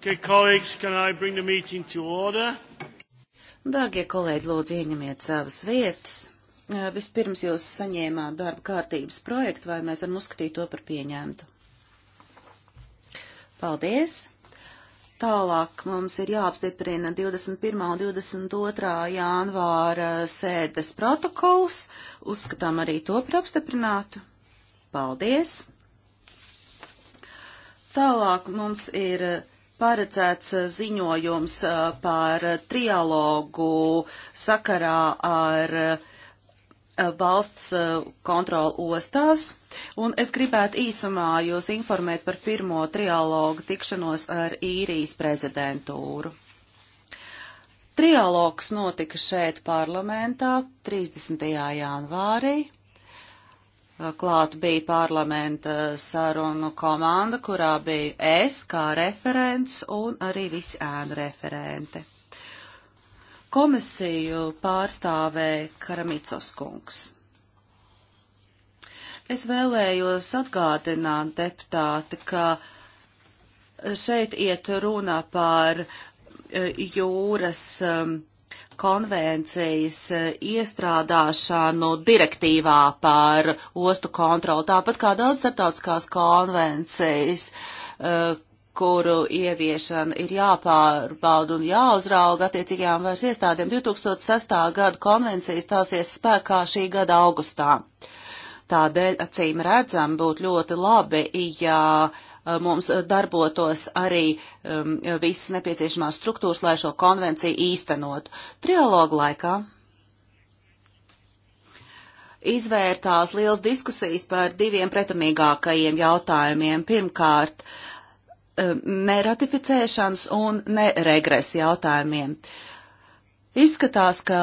Okay, colleagues, can I bring the meeting to order? Dārgie kolēģi, lūdzu ieņemiet savas vietas. Vispirms jūs saņēmāt darba kārtības projektu, vai mēs varam uzskatīt to par pieņemtu? Paldies! Tālāk mums ir jāapstiprina 21. un 22. janvāra sēdes protokols. Uzskatām arī to par apstiprinātu. Paldies! Tālāk mums ir paredzēts eh, ziņojums eh, par trialogu sakarā ar eh, valsts kontrolu ostās, un es gribētu īsumā jūs informēt par pirmo trialogu tikšanos ar īrijas prezidentūru. Trialogs notika šeit parlamentā 30. janvārī Eh, klāt bija parlamenta sarunu komanda, kurā biju es kā referents un arī visi ēnu referente. Komisiju pārstāvēja Karamicos kungs. Es vēlējos atgādināt deputāti, ka šeit iet runa par eh, jūras um, konvencijas eh, iestrādāšanu direktīvā par ostu kontroli, tāpat kā daudz starptautiskās konvencijas, eh, kuru ieviešana ir jāpārbauda un jāuzrauga attiecīgajām vairs iestādēm. 2006. gada konvencija stāsies spēkā šī gada augustā. Tādēļ, acīm redzam, būtu ļoti labi, ja uh, Uh, mums uh, darbotos arī um, visas nepieciešamās struktūras, lai šo konvenciju īstenotu. Trialogu laikā izvērtās liels diskusijas par diviem pretrunīgākajiem jautājumiem. Pirmkārt, um, neratificēšanas un neregresa jautājumiem. Izskatās, ka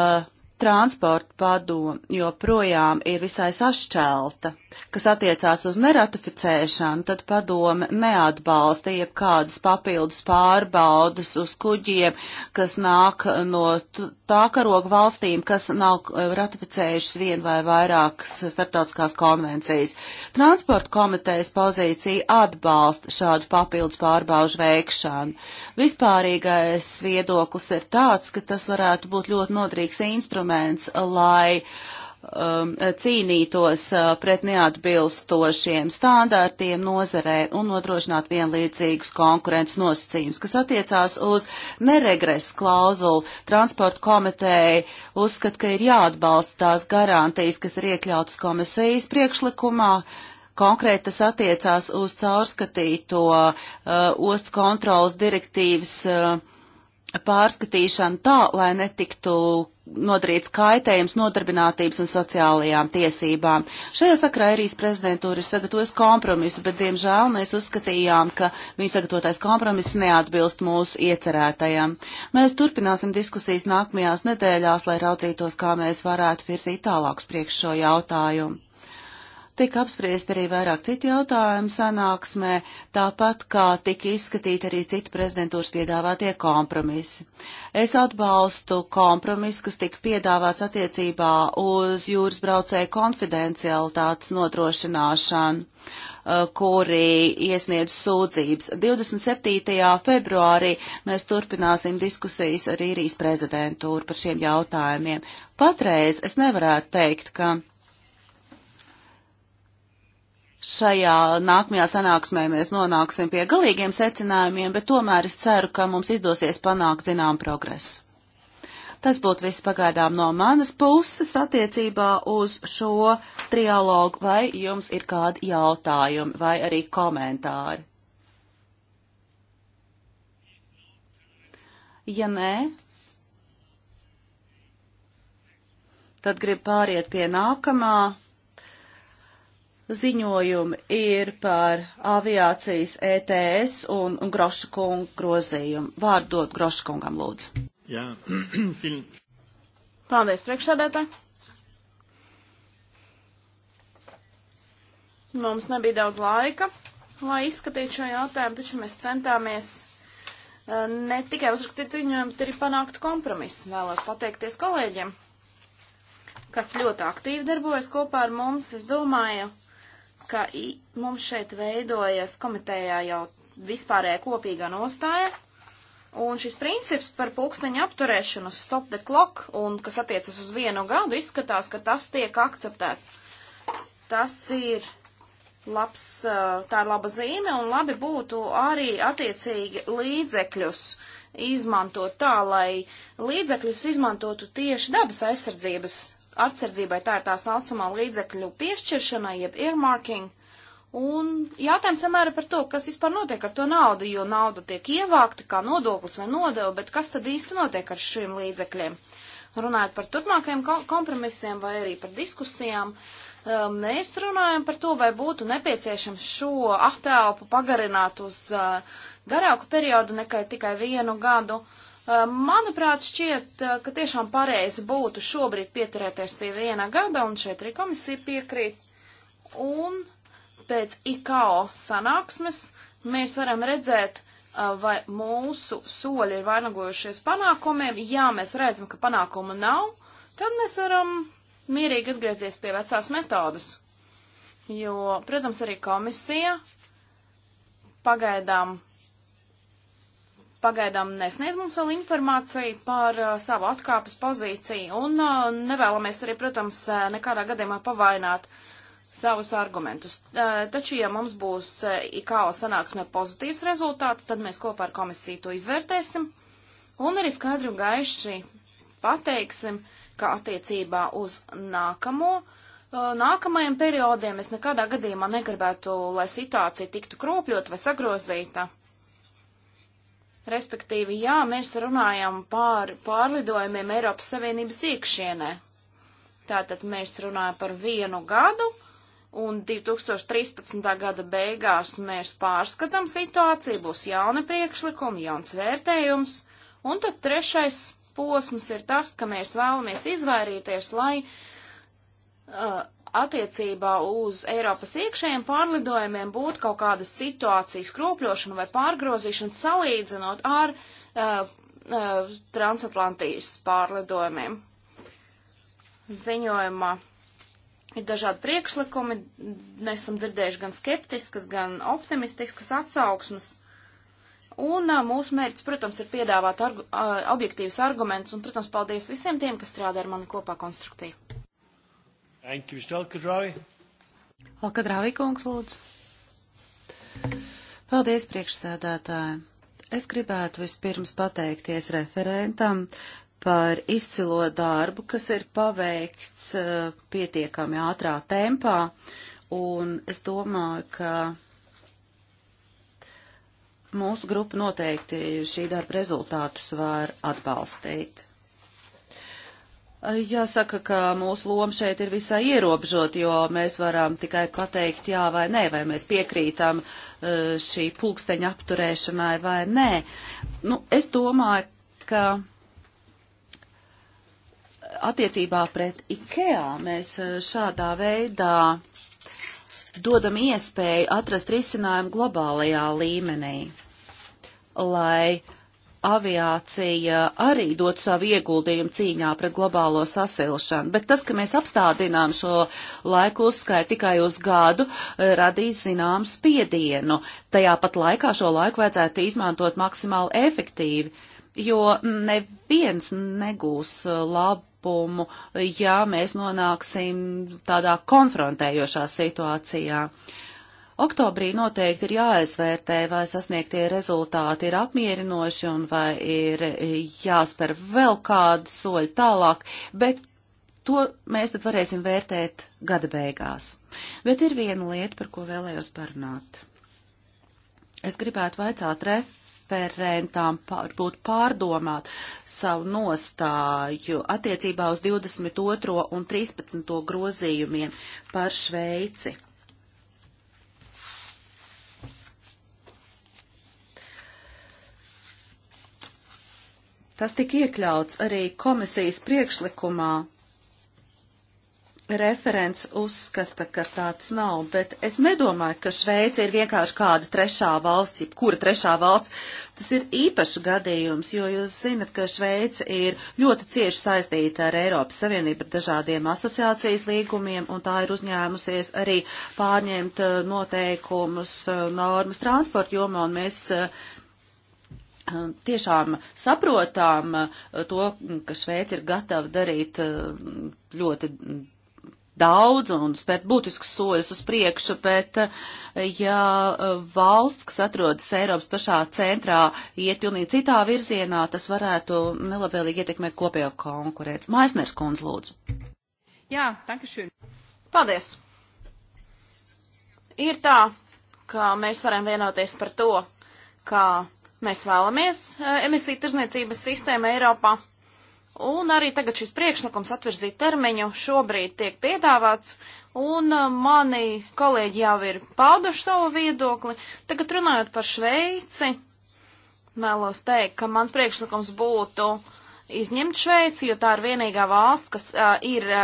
transporta padomu joprojām ir visai sašķelta. Kas attiecās uz neratificēšanu, tad padome neatbalsta jebkādas papildus pārbaudas uz kuģiem, kas nāk no tā karoga valstīm, kas nav eh, ratificējušas vien vai vairākas starptautiskās konvencijas. Transporta komitejas pozīcija atbalsta šādu papildus pārbaužu veikšanu. Vispārīgais viedoklis ir tāds, ka tas varētu būt ļoti nodrīgs instruments, instruments, lai um, cīnītos uh, pret neatbilstošiem standārtiem nozarē un nodrošināt vienlīdzīgus konkurences nosacījumus, kas attiecās uz neregresu klauzulu. Transporta komiteja uzskat, ka ir jāatbalsta tās garantijas, kas ir iekļautas komisijas priekšlikumā, Konkrēti tas attiecās uz caurskatīto uh, ostas kontrolas direktīvas uh, pārskatīšanu tā, lai netiktu nodarīts kaitējums nodarbinātības un sociālajām tiesībām. Šajā sakrā Eirijas prezidentūra ir sagatavojusi kompromisu, bet, diemžēl, mēs uzskatījām, ka viņa sagatavotais kompromiss neatbilst mūsu iecerētajam. Mēs turpināsim diskusijas nākamajās nedēļās, lai raudzītos, kā mēs varētu virzīt tālākus priekš šo jautājumu. Tika apspriest arī vairāk citu jautājumu sanāksmē, tāpat kā tika izskatīt arī citu prezidentūras piedāvātie kompromisi. Es atbalstu kompromisu, kas tika piedāvāts attiecībā uz jūras braucēju konfidencialitātes nodrošināšanu eh, kuri iesniedz sūdzības. 27. februārī mēs turpināsim diskusijas ar īrijas prezidentūru par šiem jautājumiem. Patreiz es nevarētu teikt, ka šajā nākamajā sanāksmē mēs nonāksim pie galīgiem secinājumiem, bet tomēr es ceru, ka mums izdosies panākt zinām progresu. Tas būtu viss pagaidām no manas puses attiecībā uz šo trialogu, vai jums ir kādi jautājumi vai arī komentāri. Ja nē, tad grib pāriet pie nākamā ziņojumi ir par aviācijas ETS un, un Groša kungu grozījumu. Vārdu dot Groša kungam, lūdzu. Jā, film. Paldies, priekšsēdētāji. Mums nebija daudz laika, lai izskatītu šo jautājumu, taču mēs centāmies eh, ne tikai uzrakstīt ziņojumu, bet arī panākt kompromisu. Vēlos pateikties kolēģiem, kas ļoti aktīvi darbojas kopā ar mums. Es domāju, ka mums šeit veidojas komitējā jau vispārējā kopīgā nostāja, un šis princips par pulksteņa apturēšanu, stop the clock, un kas attiecas uz vienu gadu, izskatās, ka tas tiek akceptēts. Tas ir labs, tā ir laba zīme, un labi būtu arī attiecīgi līdzekļus izmantot tā, lai līdzekļus izmantotu tieši dabas aizsardzības atsardzībai, tā ir tā saucamā līdzekļu piešķiršana, jeb earmarking. Un jautājums samēra par to, kas vispār notiek ar to naudu, jo nauda tiek ievākta kā nodoklis vai nodeva, bet kas tad īsti notiek ar šiem līdzekļiem? Runājot par turpmākajiem kompromisiem vai arī par diskusijām, eh, mēs runājam par to, vai būtu nepieciešams šo aptēlpu pagarināt uz eh, garāku periodu nekā tikai vienu gadu. Uh, Eh, manuprāt, šķiet, eh, ka tiešām pareizi būtu šobrīd pieturēties pie viena gada, un šeit arī komisija piekrīt. Un pēc IKO sanāksmes mēs varam redzēt, eh, vai mūsu soļi ir vainagojušies panākumiem. Ja mēs redzam, ka panākumu nav, tad mēs varam mierīgi atgriezties pie vecās metodas. Jo, protams, arī komisija pagaidām pagaidām nesniedz mums vēl informāciju par uh, savu atkāpes pozīciju un uh, nevēlamies arī, protams, uh, nekādā gadījumā pavainot savus argumentus. Uh, taču, ja mums būs uh, IKO sanāksmē pozitīvs rezultāts, tad mēs kopā ar komisiju to izvērtēsim un arī skaidri un gaiši pateiksim, ka attiecībā uz nākamo uh, nākamajiem periodiem es nekādā gadījumā negribētu, lai situācija tiktu kropļot vai sagrozīta. Respektīvi, jā, mēs runājam par pārlidojumiem Eiropas Savienības iekšienē. Tātad mēs runājam par vienu gadu, un 2013. gada beigās mēs pārskatām situāciju, būs jauni priekšlikumi, jauns vērtējums, un tad trešais posms ir tas, ka mēs vēlamies izvairīties, lai uh, Uh, attiecībā uz Eiropas iekšējiem pārlidojumiem būtu kaut kādas situācijas kropļošana vai pārgrozīšana salīdzinot ar uh, uh, transatlantijas pārlidojumiem. Ziņojumā ir dažādi priekšlikumi, mēs esam dzirdējuši gan skeptiskas, gan optimistiskas atsauksmes. Un uh, mūsu mērķis, protams, ir piedāvāt argu, uh, objektīvus argumentus, un, protams, paldies visiem tiem, kas strādā ar mani kopā konstruktīvi. Thank you, Stelkadravi. Alkadravi kungs, lūdzu. Paldies, priekšsēdētāji. Es gribētu vispirms pateikties referentam par izcilo darbu, kas ir paveikts uh, pietiekami ātrā tempā, un es domāju, ka mūsu grupa noteikti šī darba rezultātus var atbalstīt. Jāsaka, ka mūsu loma šeit ir visai ierobežot, jo mēs varam tikai pateikt jā vai nē, vai mēs piekrītam e, šī pulksteņa apturēšanai vai nē. Nu, es domāju, ka attiecībā pret IKEA mēs e, šādā veidā dodam iespēju atrast risinājumu globālajā līmenī, lai uh, aviācija arī dod savu ieguldījumu cīņā pret globālo sasilšanu, bet tas, ka mēs apstādinām šo laiku uzskaitu tikai uz gadu, eh, radīs zinām spiedienu. Tajā pat laikā šo laiku vajadzētu izmantot maksimāli efektīvi, jo neviens negūs labu eh, labumu, ja mēs nonāksim tādā konfrontējošā situācijā. Uh, Oktobrī noteikti ir jāizvērtē, vai sasniegtie rezultāti ir apmierinoši un vai ir jāspēr vēl kādu soļu tālāk, bet to mēs tad varēsim vērtēt gada beigās. Bet ir viena lieta, par ko vēlējos parunāt. Es gribētu vaicāt referentām varbūt pārdomāt savu nostāju attiecībā uz 22. un 13. grozījumiem par Šveici. Tas tika iekļauts arī komisijas priekšlikumā. Referents uzskata, ka tāds nav, bet es nedomāju, ka Šveice ir vienkārši kāda trešā valsts, jebkura trešā valsts. Tas ir īpašs gadījums, jo jūs zinat, ka Šveice ir ļoti cieši saistīta ar Eiropas Savienību ar dažādiem asociācijas līgumiem, un tā ir uzņēmusies arī pārņemt eh, noteikumus, eh, normas transporta jomā, un mēs uh, Ehm, tiešām saprotām eh, to, ka Šveica ir gatava darīt eh, ļoti daudz un spērt būtiskus soļus uz priekšu, bet eh, ja valsts, kas atrodas Eiropas pašā centrā, iet pilnīgi citā virzienā, tas varētu nelabvēlīgi ietekmēt kopējo konkurēts. Maisners kundz lūdzu. Jā, tankašķi. Paldies. Ir tā, ka mēs varam vienoties par to, ka Mēs vēlamies e, emisiju tirzniecības sistēmu Eiropā. Un arī tagad šis priekšnakums atvirzīt termiņu šobrīd tiek piedāvāts, un e, mani kolēģi jau ir pauduši savu viedokli. Tagad runājot par Šveici, vēlos teikt, ka mans priekšnakums būtu izņemt Šveici, jo tā ir vienīgā valsts, kas uh, ir uh,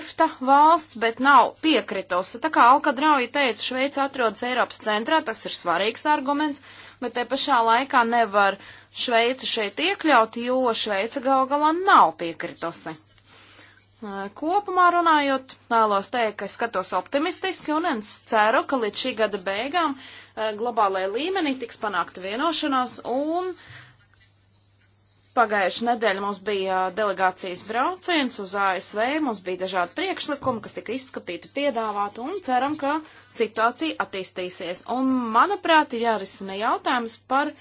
EFTA valsts, bet nav piekritusi. Tā kā Alkadrauja teica, Šveica atrodas Eiropas centrā, tas ir svarīgs arguments. Uh, bet te pašā laikā nevar Šveici šeit iekļaut, jo Šveica gal galā nav piekritusi. Kopumā runājot, vēlos teikt, ka es skatos optimistiski un es ceru, ka līdz šī gada beigām globālajā līmenī tiks panākta vienošanās un uh, Pagājušajā nedēļā mums bija delegācijas brauciens uz ASV, mums bija dažādi priekšlikumi, kas tika izskatīti, piedāvāti, un ceram, ka situācija attīstīsies. Un, manuprāt, ir jārisina jautājums par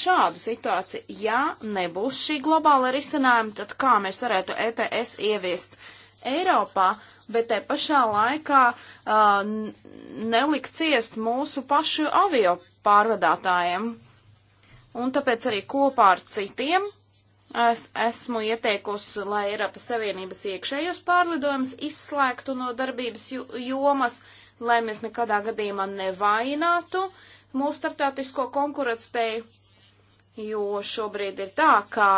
šādu situāciju. Ja nebūs šī globāla risinājuma, tad kā mēs varētu ETS ieviest Eiropā, bet te pašā laikā uh, nelikt ciest mūsu pašu avio pārvadātājiem? Un tāpēc arī kopā ar citiem Es esmu ieteikusi, lai Eiropas Savienības iekšējos pārlidojumus izslēgtu no darbības jomas, lai mēs nekadā gadījumā nevainātu mūsu starptautisko konkurētspēju, jo šobrīd ir tā, ka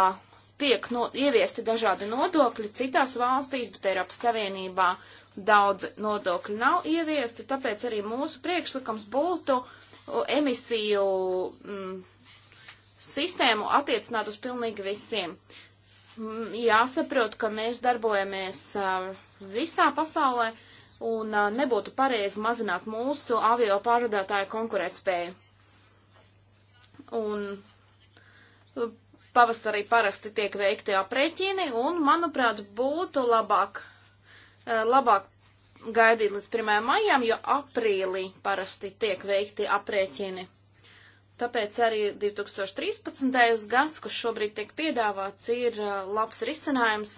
tiek no, ieviesti dažādi nodokļi citās valstīs, bet Eiropas Savienībā daudz nodokļu nav ieviesti, tāpēc arī mūsu priekšlikums būtu emisiju. Mm, sistēmu attiecināt uz pilnīgi visiem. Mm, jāsaprot, ka mēs darbojamies visā pasaulē un nebūtu pareizi mazināt mūsu avio pārvadātāju konkurētspēju. Un pavasarī parasti tiek veikti aprēķini un, manuprāt, būtu labāk, labāk gaidīt līdz 1. maijam, jo aprīlī parasti tiek veikti aprēķini. Tāpēc arī 2013. gads, kas šobrīd tiek piedāvāts, ir uh, labs risinājums,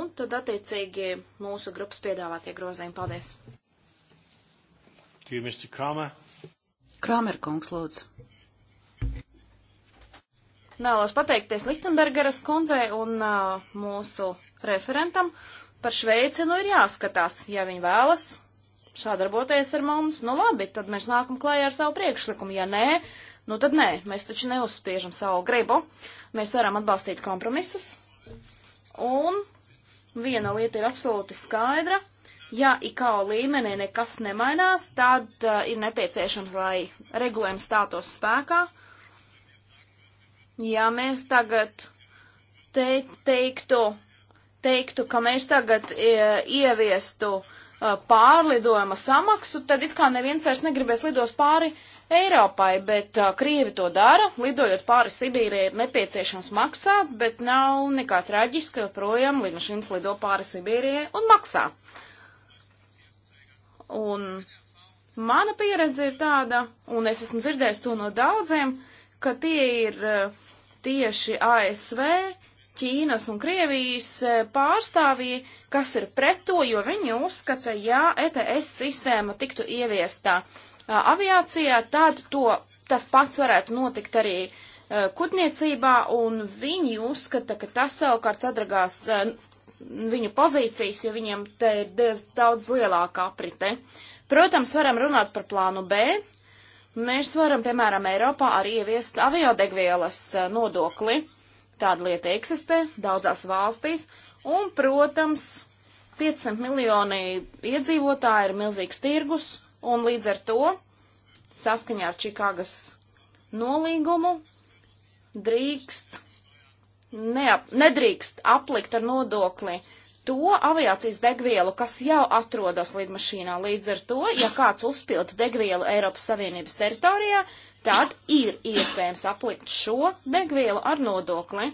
un tad attiecīgi mūsu grupas piedāvātie grozījumi. Paldies! You, Kramer? Kramer kungs, lūdzu. Vēlos pateikties Lichtenbergeras kundzei un uh, mūsu referentam. Par Šveici nu ir jāskatās, ja viņi vēlas sadarboties ar mums, nu labi, tad mēs nākam klājā ar savu priekšlikumu. Ja nē, nu tad nē, mēs taču neuzspiežam savu gribu. Mēs varam atbalstīt kompromisus. Un viena lieta ir absolūti skaidra. Ja IKO līmenī nekas nemainās, tad uh, ir nepieciešams, lai regulējums stātos spēkā. Ja mēs tagad te, teiktu, teiktu, ka mēs tagad uh, ieviestu uh, Uh, pārlidojuma samaksu, tad it kā neviens vairs negribēs lidos pāri Eiropai, bet uh, Krievi to dara. Lidojot pāri Sibīrijai ir nepieciešams maksāt, bet nav nekā traģiska, jo projām lidmašīnas lido pāri Sibīrijai un maksā. Un mana pieredze ir tāda, un es esmu dzirdējis to no daudziem, ka tie ir uh, tieši ASV, Ķīnas un Krievijas e, pārstāvji, kas ir pret to, jo viņi uzskata, ja ETS sistēma tiktu ieviestā e, aviācijā, tad to, tas pats varētu notikt arī uh, kutniecībā, un viņi uzskata, ka tas savukārt sadragās uh, viņu pozīcijas, jo viņiem te ir diez, daudz lielāka aprite. Protams, varam runāt par plānu B. Mēs varam, piemēram, Eiropā arī ieviest aviodegvielas uh, nodokli. Tāda lieta eksistē daudzās valstīs, un, protams, 500 miljoni iedzīvotāji ir milzīgs tirgus, un līdz ar to, saskaņā ar Čikāgas nolīgumu, drīkst, neap, nedrīkst aplikt ar nodokli uh, to aviācijas degvielu, kas jau atrodas lidmašīnā. Līdz ar to, ja kāds uzpild degvielu Eiropas Savienības teritorijā, tad ir iespējams aplikt šo degvielu ar nodokli.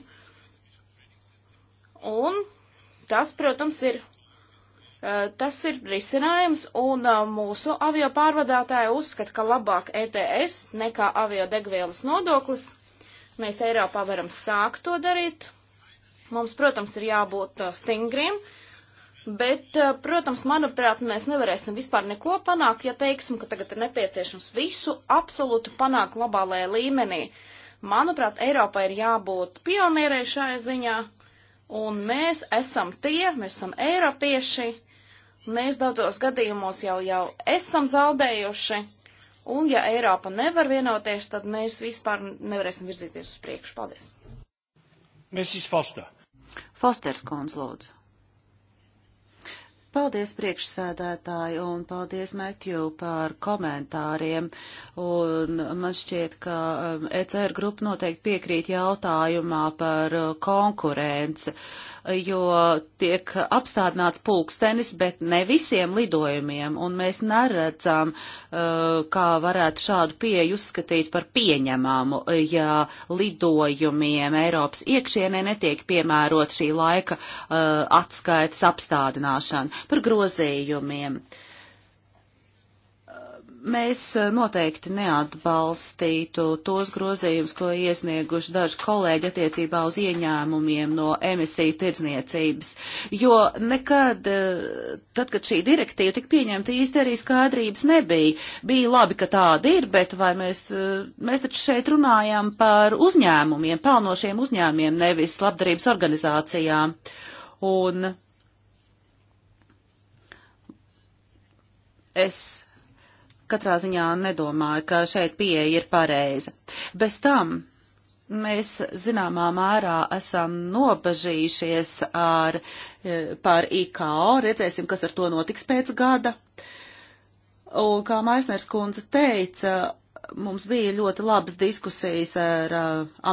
Un tas, protams, ir eh, tas ir risinājums, un eh, mūsu avio pārvadātāja uzskata, ka labāk ETS nekā avio degvielas nodoklis. Mēs Eiropā varam sākt to darīt, Mums, protams, ir jābūt stingriem, bet, protams, manuprāt, mēs nevarēsim vispār neko panākt, ja teiksim, ka tagad ir nepieciešams visu absolūti panākt globālajā līmenī. Manuprāt, Eiropai ir jābūt pionierei šajā ziņā, un mēs esam tie, mēs esam eiropieši, mēs daudzos gadījumos jau, jau esam zaudējuši, un ja Eiropa nevar vienoties, tad mēs vispār nevarēsim virzīties uz priekšu. Paldies! Mrs. Foster. Fosters kundz lūdzu. Paldies priekšsēdētāji un paldies Metju par komentāriem. Un man šķiet, ka um, ECR grupa noteikti piekrīt jautājumā par konkurenci. Uh, jo tiek apstādināts pulkstenis, bet ne visiem lidojumiem, un mēs neredzam, uh, kā varētu šādu pieeju uzskatīt par pieņemamu, ja lidojumiem Eiropas iekšienē netiek piemērot šī laika uh, atskaites apstādināšana par grozījumiem. Uh, mēs eh, noteikti neatbalstītu tos grozījumus, ko iesnieguši daži kolēģi attiecībā uz ieņēmumiem no emisiju tirdzniecības, jo nekad, eh, tad, kad šī direktīva tika pieņemta, īsti arī skaidrības nebija. Bija labi, ka tāda ir, bet vai mēs, eh, mēs taču šeit runājam par uzņēmumiem, pelnošiem uzņēmumiem, nevis labdarības organizācijām. Un es katrā ziņā nedomāju, ka šeit pieeja ir pareiza. Bez tam mēs zināmā mērā esam nobežījušies ar, e, par IKO, redzēsim, kas ar to notiks pēc gada. Un kā Maisners kundze teica, mums bija ļoti labas diskusijas ar e,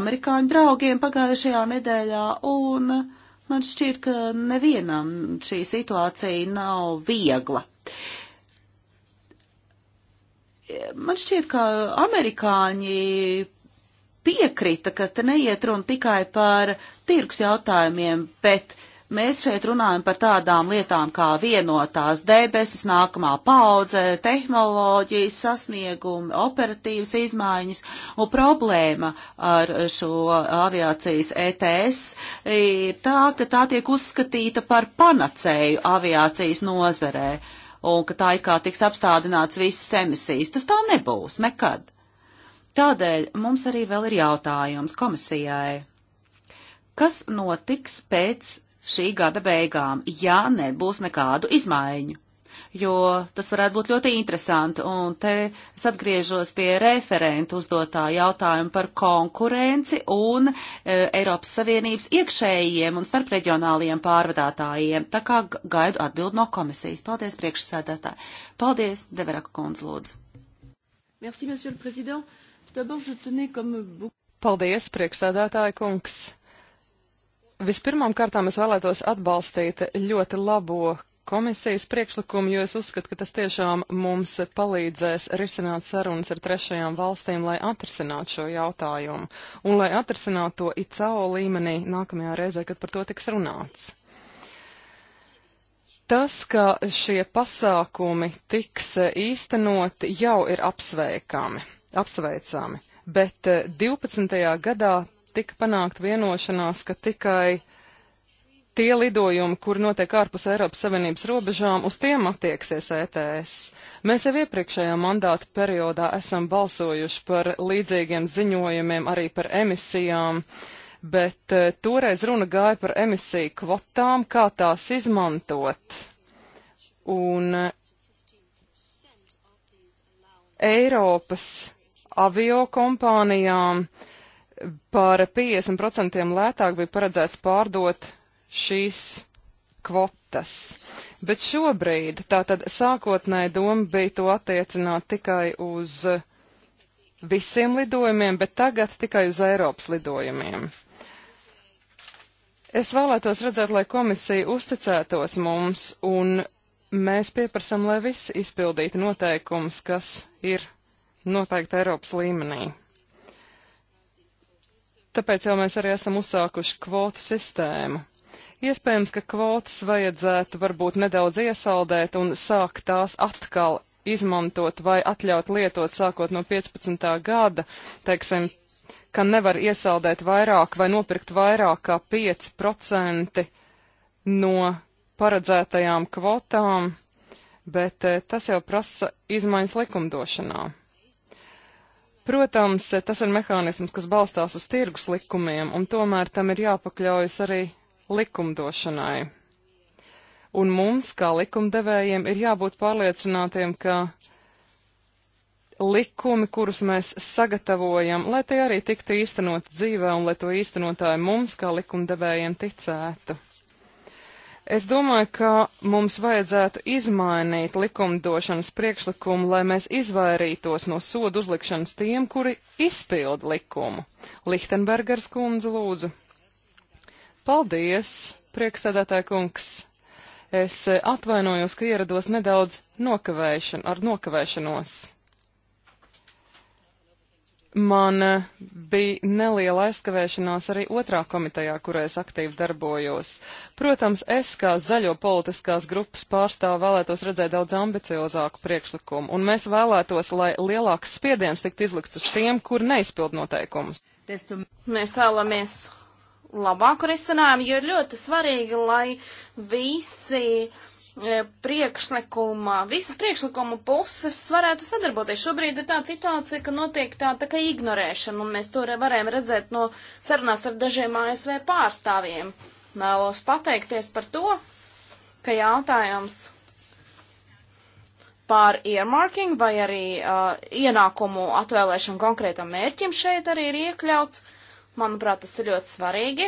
amerikāņu draugiem pagājušajā nedēļā, un man šķiet, ka nevienam šī situācija nav viegla man šķiet, ka amerikāņi piekrita, ka te neiet runa tikai par tirgus jautājumiem, bet mēs šeit runājam par tādām lietām kā vienotās debesis, nākamā paudze, tehnoloģijas, sasniegumi, operatīvas izmaiņas un problēma ar šo aviācijas ETS ir tā, ka tā tiek uzskatīta par panacēju aviācijas nozarē. Uh, un ka tā it kā tiks apstādināts visas emisijas. Tas tā nebūs nekad. Tādēļ mums arī vēl ir jautājums komisijai. Kas notiks pēc šī gada beigām, ja nebūs nekādu izmaiņu? jo tas varētu būt ļoti interesanti. Un te es atgriežos pie referentu uzdotā jautājuma par konkurenci un e, Eiropas Savienības iekšējiem un starpreģionāliem pārvadātājiem. Tā kā gaidu atbildi no komisijas. Paldies, priekšsēdētāji. Paldies, Deveraka kundze, lūdzu. Merci, monsieur le président. D'abord, je tenais comme beaucoup. Paldies, priekšsēdētāja kungs! Vispirmām kārtām es vēlētos atbalstīt ļoti labo komisijas priekšlikumu, jo es uzskatu, ka tas tiešām mums palīdzēs risināt sarunas ar trešajām valstīm, lai atrisinātu šo jautājumu un lai atrisinātu to ICAO līmenī nākamajā reizē, kad par to tiks runāts. Tas, ka šie pasākumi tiks īstenoti, jau ir apsveikami, apsveicami, bet 12. Eh, gadā tika panākt vienošanās, ka tikai tie lidojumi, kur notiek ārpus Eiropas Savienības robežām, uz tiem attieksies ETS. Mēs jau iepriekšējā mandāta periodā esam balsojuši par līdzīgiem ziņojumiem arī par emisijām, bet e, toreiz runa gāja par emisiju kvotām, kā tās izmantot. Un e, Eiropas avio kompānijām par 50% lētāk bija paredzēts pārdot šīs kvotas. Bet šobrīd, tātad sākotnēji doma bija to attiecināt tikai uz visiem lidojumiem, bet tagad tikai uz Eiropas lidojumiem. Es vēlētos redzēt, lai komisija uzticētos mums un mēs pieprasam, lai visi izpildītu noteikumus, kas ir noteikti Eiropas līmenī. Tāpēc jau mēs arī esam uzsākuši kvotu sistēmu. Iespējams, ka kvotas vajadzētu varbūt nedaudz iesaldēt un sākt tās atkal izmantot vai atļaut lietot sākot no 15. gada, teiksim, ka nevar iesaldēt vairāk vai nopirkt vairāk kā 5% no paredzētajām kvotām, bet eh, tas jau prasa izmaiņas likumdošanā. Protams, eh, tas ir mehānisms, kas balstās uz tirgus likumiem, un tomēr tam ir jāpakļaujas arī likumdošanai. Un mums, kā likumdevējiem, ir jābūt pārliecinātiem, ka likumi, kurus mēs sagatavojam, lai tie arī tiktu īstenot dzīvē un lai to īstenotāji mums, kā likumdevējiem, ticētu. Es domāju, ka mums vajadzētu izmainīt likumdošanas priekšlikumu, lai mēs izvairītos no sodu uzlikšanas tiem, kuri izpilda likumu. Lichtenbergers kundze lūdzu. Paldies, priekšsēdētāja kungs! Es eh, atvainojos, ka ierados nedaudz nokavēšan, ar nokavēšanos. Man eh, bija neliela aizkavēšanās arī otrā komitejā, kurā es aktīvi darbojos. Protams, es kā zaļo politiskās grupas pārstāvu vēlētos redzēt daudz ambiciozāku priekšlikumu, un mēs vēlētos, lai lielāks spiediens tiktu izlikts uz tiem, kur neizpild noteikumus. Mēs vēlamies labāku risinājumu, jo ir ļoti svarīgi, lai visi e, priekšlikuma, visas priekšlikuma puses varētu sadarboties. Šobrīd ir tā situācija, ka notiek tā, tā kā ignorēšana, un mēs to varējām redzēt no sarunās ar dažiem ASV pārstāvjiem. Mēlos pateikties par to, ka jautājums par earmarking vai arī uh, ienākumu atvēlēšanu konkrētam mērķim šeit arī ir iekļauts. Uh, Manuprāt, tas ir ļoti svarīgi.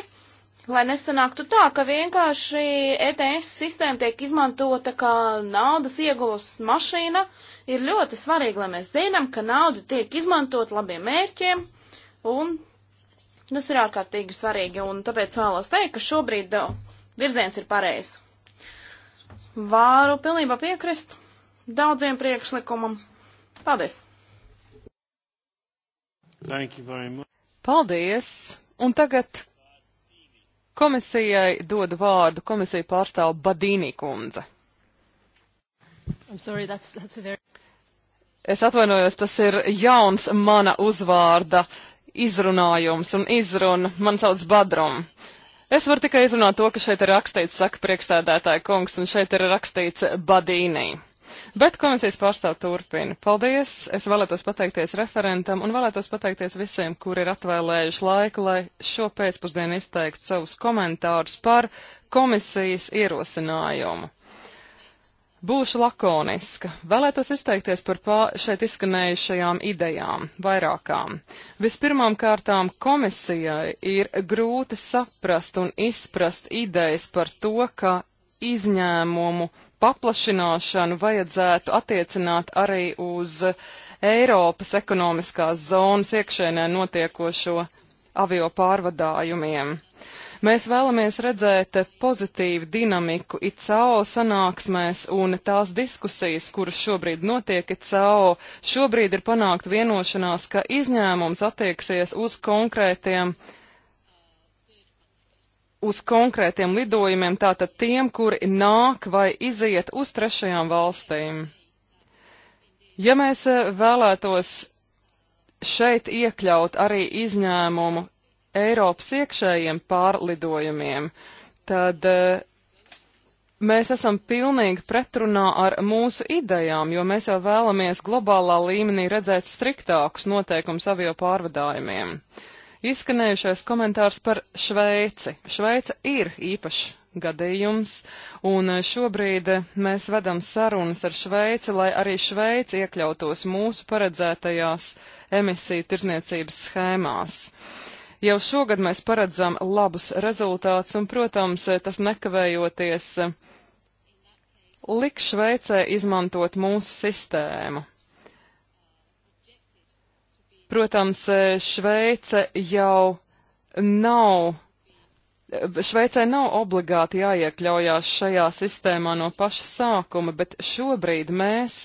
Lai nesanāktu tā, ka vienkārši ETS sistēma tiek izmantota kā naudas ieguvas mašīna, ir ļoti svarīgi, lai mēs zinām, ka nauda tiek izmantot labiem mērķiem, un tas ir ārkārtīgi svarīgi, un tāpēc vēlos teikt, ka šobrīd uh, virziens ir pareizs. Vāru pilnībā piekrist daudziem priekšlikumam. Paldies! Paldies! Un tagad komisijai dodu vārdu komisija pārstāv Badīnī kundze. Sorry, that's, that's very... Es atvainojos, tas ir jauns mana uzvārda izrunājums un izruna. Man sauc Badrum. Es varu tikai izrunāt to, ka šeit ir rakstīts, saka priekšstādētāja kungs, un šeit ir rakstīts Badīnī. Bet komisijas pārstāv turpina. Paldies! Es vēlētos pateikties referentam un vēlētos pateikties visiem, kuri ir atvēlējuši laiku, lai šo pēcpusdienu izteiktu savus komentārus par komisijas ierosinājumu. Būšu lakoniska. Vēlētos izteikties par šeit izskanējušajām idejām, vairākām. Vispirmām kārtām komisijai ir grūti saprast un izprast idejas par to, ka izņēmumu paplašināšanu vajadzētu attiecināt arī uz Eiropas ekonomiskās zonas iekšēnē notiekošo avio pārvadājumiem. Mēs vēlamies redzēt pozitīvu dinamiku ICAO sanāksmēs un tās diskusijas, kuras šobrīd notiek ICAO. Šobrīd ir panākt vienošanās, ka izņēmums attieksies uz konkrētiem uz konkrētiem lidojumiem, tātad tiem, kuri nāk vai iziet uz trešajām valstīm. Ja mēs eh, vēlētos šeit iekļaut arī izņēmumu Eiropas iekšējiem pārlidojumiem, tad eh, mēs esam pilnīgi pretrunā ar mūsu idejām, jo mēs jau vēlamies globālā līmenī redzēt striktākus noteikumus avio pārvadājumiem. Uh, Izskanējušais komentārs par Šveici. Šveica ir īpašs gadījums, un šobrīd mēs vedam sarunas ar Šveici, lai arī Šveici iekļautos mūsu paredzētajās emisiju tirzniecības schēmās. Jau šogad mēs paredzam labus rezultātus, un, protams, tas nekavējoties lik Šveicē izmantot mūsu sistēmu. Protams, e, Šveice jau nav. E, Šveicē nav obligāti jāiekļaujās šajā sistēmā no paša sākuma, bet šobrīd mēs,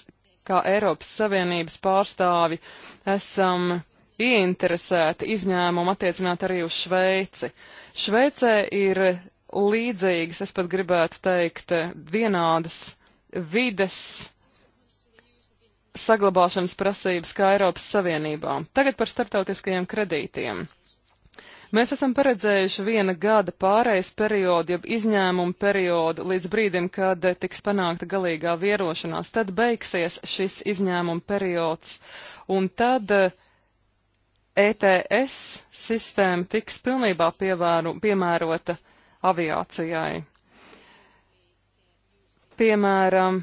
kā Eiropas Savienības pārstāvi, esam ieinteresēti izņēmumu attiecināt arī uz Šveici. Šveicē ir līdzīgas, es pat gribētu teikt, vienādas vides saglabāšanas prasības kā Eiropas Savienībā. Tagad par starptautiskajiem kredītiem. Mēs esam paredzējuši viena gada pārejas periodu, jeb izņēmumu periodu, līdz brīdim, kad tiks panākta galīgā vierošanās. Tad beigsies šis izņēmuma periods, un tad ETS eh, e sistēma tiks pilnībā pievēru, piemērota aviācijai. Piemēram,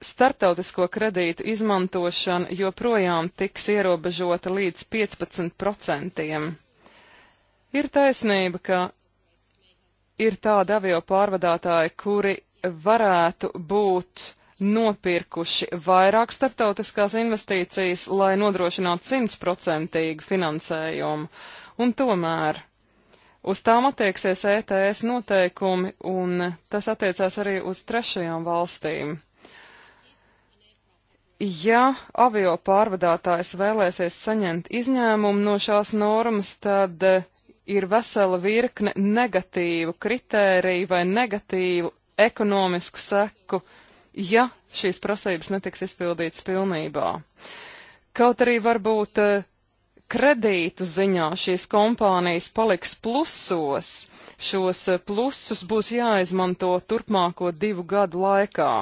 starptautisko kredītu izmantošana joprojām tiks ierobežota līdz 15%. Ir taisnība, ka ir tādi avio pārvadātāji, kuri varētu būt nopirkuši vairāk starptautiskās investīcijas, lai nodrošinātu simtprocentīgu finansējumu. Un tomēr Uz tām attieksies ETS noteikumi, un tas attiecās arī uz trešajām valstīm ja avio pārvadātājs vēlēsies saņemt izņēmumu no šās normas, tad eh, ir vesela virkne negatīvu kritēriju vai negatīvu ekonomisku seku, ja šīs prasības netiks izpildītas pilnībā. Kaut arī varbūt eh, kredītu ziņā šīs kompānijas paliks plusos, šos eh, plusus būs jāizmanto turpmāko divu gadu laikā.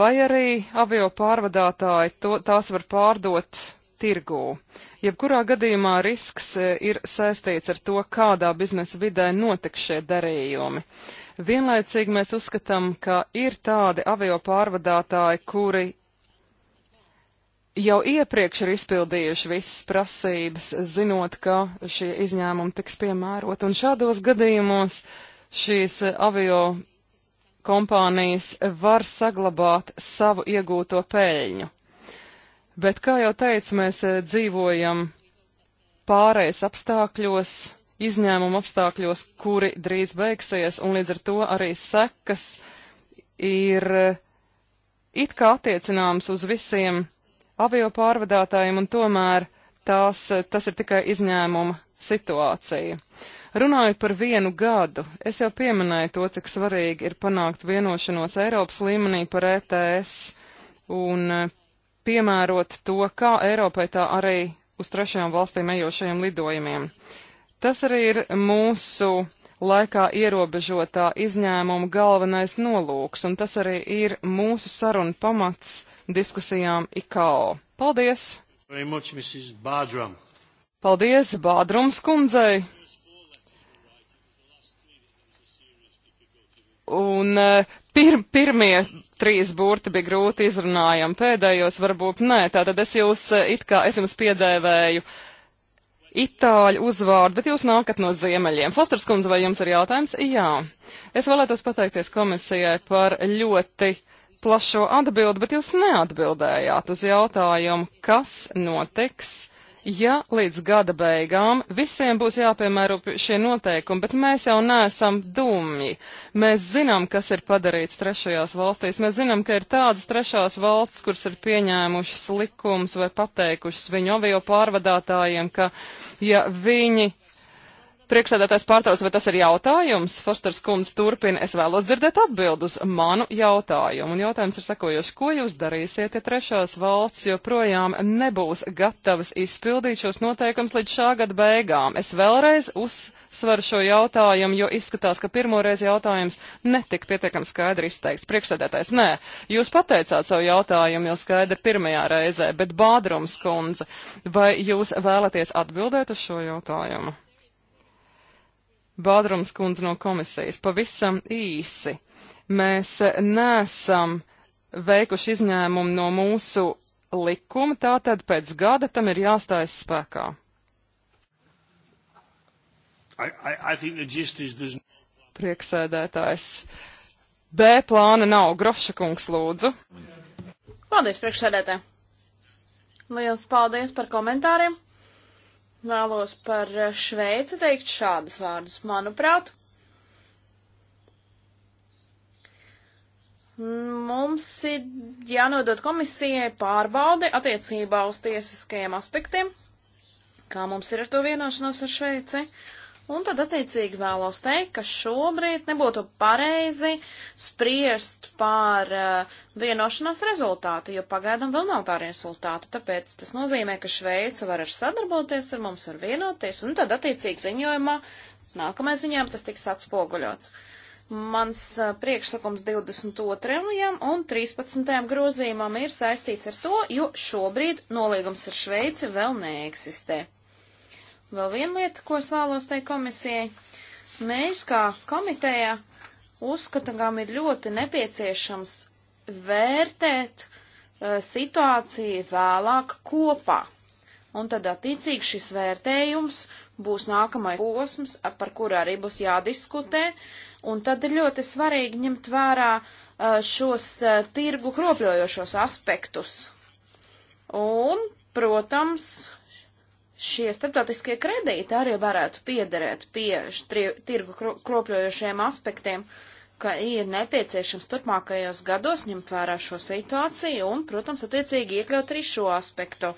Vai arī avio pārvadātāji to, tās var pārdot tirgū. Jebkurā gadījumā risks e, ir saistīts ar to, kādā biznesa vidē notiks šie darījumi. Vienlaicīgi mēs uzskatām, ka ir tādi avio pārvadātāji, kuri jau iepriekš ir izpildījuši visas prasības, zinot, ka šie izņēmumi tiks piemērot. Un šādos gadījumos šīs avio kompānijas var saglabāt savu iegūto peļņu. Bet, kā jau teicu, mēs eh, dzīvojam pārējais apstākļos, izņēmuma apstākļos, kuri drīz beigsies, un līdz ar to arī sekas ir eh, it kā attiecināms uz visiem avio pārvadātājiem, un tomēr tās, eh, tas ir tikai izņēmuma situācija. Uh, Runājot par vienu gadu, es jau pieminēju to, cik svarīgi ir panākt vienošanos Eiropas līmenī par ETS un eh, piemērot to, kā Eiropai tā arī uz trešajām valstīm ejošajiem lidojumiem. Tas arī ir mūsu laikā ierobežotā izņēmuma galvenais nolūks, un tas arī ir mūsu saruna pamats diskusijām IKO. Paldies! Much, Paldies Bādrums kundzei! Un eh, pir, pirmie trīs burti bija grūti izrunājami, pēdējos varbūt nē. Tātad es jūs eh, it kā, es jums piedēvēju itāļu uzvārdu, bet jūs nākat no ziemeļiem. Fosters kundze, vai jums ir jautājums? Jā. Es vēlētos pateikties komisijai par ļoti plašo atbildi, bet jūs neatbildējāt uz jautājumu, kas notiks ja līdz gada beigām visiem būs jāpiemēro šie noteikumi, bet mēs jau neesam dumji. Mēs zinām, kas ir padarīts trešajās valstīs. Mēs zinām, ka ir tādas trešās valsts, kuras ir pieņēmušas likumus vai pateikušas viņu avio pārvadātājiem, ka ja viņi Priekšsēdētājs pārtrauc, vai tas ir jautājums? Fosters kundze turpina, es vēlos dzirdēt atbildus manu jautājumu. Un jautājums ir sekojoši, ko jūs darīsiet, ja trešās valsts joprojām nebūs gatavas izpildīt šos noteikums līdz šā gada beigām? Es vēlreiz uzsveru šo jautājumu, jo izskatās, ka pirmoreiz jautājums netika pietiekami skaidri izteikts. Priekšsēdētājs, nē, jūs pateicāt savu jautājumu jau skaidri pirmajā reizē, bet Bādrums kundze, vai jūs vēlaties atbildēt uz šo jautājumu? Bādrums kundze no komisijas. Pavisam īsi. Mēs nesam veikuši izņēmumu no mūsu likuma, tātad pēc gada tam ir jāstājas spēkā. I, I, I this... Prieksēdētājs. B plāna nav. Groša kungs lūdzu. Paldies, priekšsēdētāji. Liels paldies par komentāriem vēlos par Šveici teikt šādus vārdus. Manuprāt, mums ir jānodod komisijai pārbaudi attiecībā uz tiesiskajiem aspektiem, kā mums ir ar to vienošanos ar Šveici. Uh, Un tad attiecīgi vēlos teikt, ka šobrīd nebūtu pareizi spriest par uh, vienošanās rezultātu, jo pagaidām vēl nav tā rezultāta. Tāpēc tas nozīmē, ka Šveica var ar sadarboties ar mums, var vienoties, un tad attiecīgi ziņojumā, nākamajā ziņojumā tas tiks atspoguļots. Mans uh, priekšlikums 22. un 13. grozījumam ir saistīts ar to, jo šobrīd nolīgums ar Šveici vēl neeksistē. Vēl viena lieta, ko es vēlos teikt komisijai. Mēs kā komiteja uzskatām, ir ļoti nepieciešams vērtēt uh, situāciju vēlāk kopā. Un tad attiecīgi šis vērtējums būs nākamais posms, par kuru arī būs jādiskutē. Un tad ir ļoti svarīgi ņemt vērā e, šos e, tirgu kropļojošos aspektus. Un, protams, šie starptautiskie kredīti arī varētu piederēt pie štri, tirgu kro, kropļojošiem aspektiem, ka ir nepieciešams turpmākajos gados ņemt vērā šo situāciju un, protams, attiecīgi iekļaut arī šo aspektu.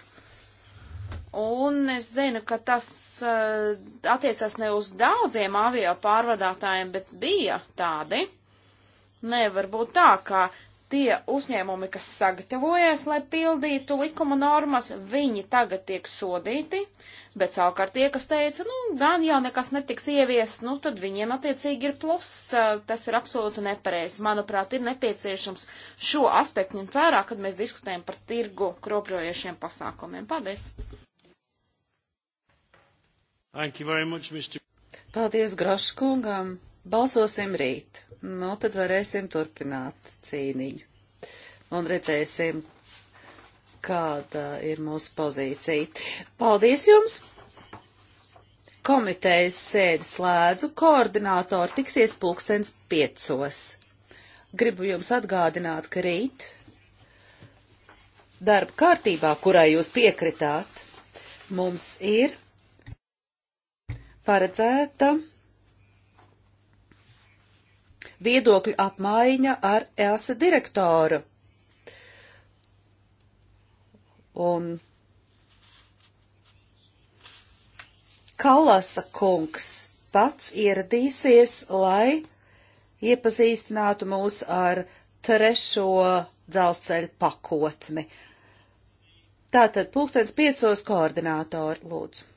Un es zinu, ka tas uh, eh, attiecās ne uz daudziem avio pārvadātājiem, bet bija tādi. Nevar būt tā, ka tie uzņēmumi, kas sagatavojas, lai pildītu likuma normas, viņi tagad tiek sodīti, bet savukārt tie, kas teica, nu, gan jau nekas netiks ievies, nu, tad viņiem attiecīgi ir pluss, tas ir absolūti nepareizi. Manuprāt, ir nepieciešams šo aspektu ņemt vērā, kad mēs diskutējam par tirgu kropļojošiem pasākumiem. Paldies! Much, Paldies, Graškungam! Balsosim rīt. Nu, tad varēsim turpināt cīniņu. Un redzēsim, kāda ir mūsu pozīcija. Paldies jums! Komitejas sēdi slēdzu, koordinātori tiksies pulkstens piecos. Gribu jums atgādināt, ka rīt darba kārtībā, kurai jūs piekritāt, mums ir paredzēta viedokļu apmaiņa ar EASA direktoru. Un Kalasa kungs pats ieradīsies, lai iepazīstinātu mūs ar trešo dzelzceļa pakotni. Tātad pulkstens piecos koordinātori, lūdzu.